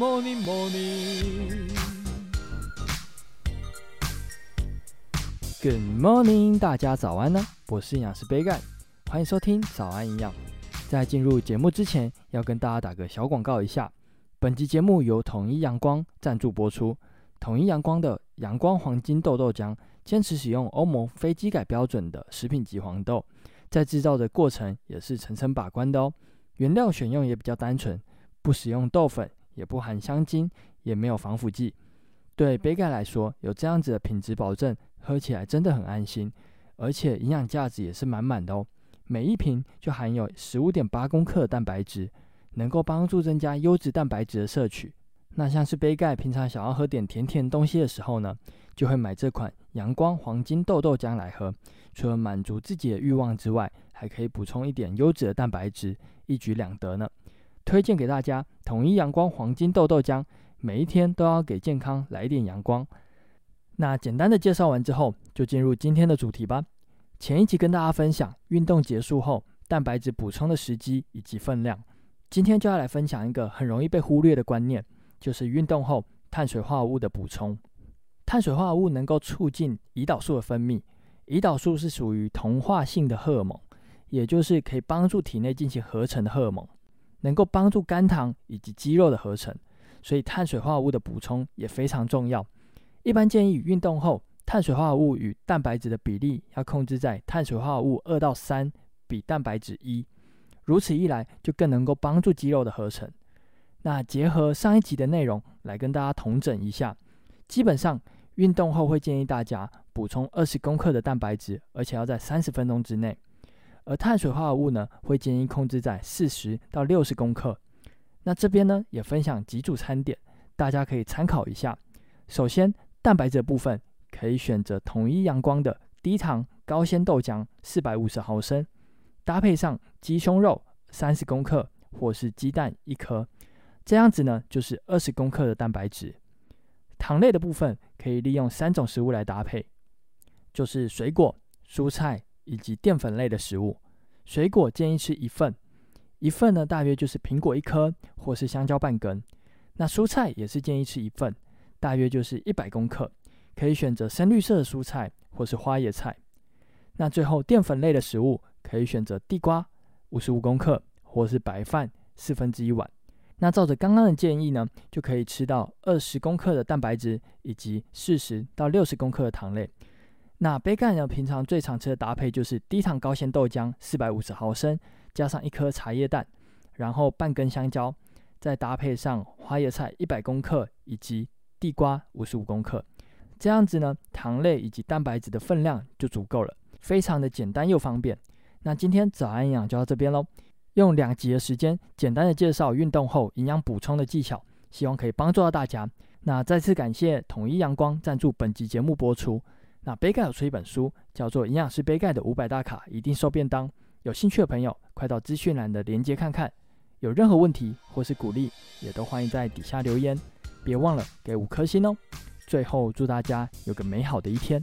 Good morning, Morning. Good morning，大家早安呢、啊！我是營養師杯蓋，歡迎收聽早安營養。在進入節目之前，要跟大家打個小廣告一下。本集節目由統一陽光贊助播出。統一陽光的陽光黃金豆豆漿，堅持使用歐盟非基改標準的食品級黃豆，在製造的過程也是層層把關的哦。原料選用也比較單純，不使用豆粉。也不含香精，也沒有防腐劑。對杯蓋來說，有這樣子的品質保證，喝起來真的很安心，而且營養價值也是滿滿的哦。每一瓶就含有十五點八公克的蛋白質，能夠幫助增加優質蛋白質的攝取。那像是杯蓋平常想要喝點甜甜東西的時候呢，就會買這款陽光黃金豆豆漿來喝。除了滿足自己的慾望之外，還可以補充一點優質的蛋白質，一舉兩得呢。推薦給大家統一陽光黃金豆豆漿，每一天都要給健康來一點陽光。那簡單的介紹完之後，就進入今天的主題吧。前一集跟大家分享運動結束後蛋白質補充的時機以及分量，今天就要來分享一個很容易被忽略的觀念，就是運動後碳水化合物的補充。碳水化合物能夠促進胰島素的分泌，胰島素是屬於同化性的荷爾蒙，也就是可以幫助體內進行合成的荷爾蒙，能夠幫助肝糖以及肌肉的合成，所以碳水化合物的補充也非常重要。一般建議運動後，碳水化合物與蛋白質的比例要控制在碳水化合物二到三比蛋白質一，如此一來就更能夠幫助肌肉的合成。那結合上一集的內容來跟大家統整一下，基本上運動後會建議大家補充二十公克的蛋白質，而且要在三十分鐘之內。而碳水化合物呢，會建議控制在四十到六十公克。那這邊呢，也分享幾組餐點，大家可以參考一下。首先，蛋白質的部分可以選擇統一陽光的低糖高纖豆漿四百五十毫升，搭配上雞胸肉三十公克或是雞蛋一顆，這樣子呢，就是二十公克的蛋白質。醣類的部分可以利用三種食物來搭配，就是水果、蔬菜。以及澱粉類的食物，水果建議吃一份，一份呢大約就是蘋果一顆或是香蕉半根。那蔬菜也是建議吃一份，大約就是一百公克，可以選擇深綠色的蔬菜或是花椰菜。那最後澱粉類的食物可以選擇地瓜五十五公克或是白飯四分之一碗。那照着剛剛的建議呢，就可以吃到二十公克的蛋白質以及四十到六十公克的糖類。那杯蓋呢？平常最常吃的搭配就是低糖高纖豆漿四百五十毫升，加上一顆茶葉蛋，然後半根香蕉，再搭配上花椰菜一百公克以及地瓜五十五公克，這樣子呢，糖類以及蛋白質的分量就足夠了，非常的簡單又方便。那今天早安營養就到這邊嘍，用兩集的時間簡單的介紹運動後營養補充的技巧，希望可以幫助到大家。那再次感謝統一陽光贊助本集節目播出。那杯蓋有出一本書，叫做《營養師杯蓋的五百大卡一定瘦便當》，有興趣的朋友快到資訊欄的鏈接看看。有任何問題或是鼓勵，也都歡迎在底下留言。別忘了給五顆星哦。最後，祝大家有個美好的一天。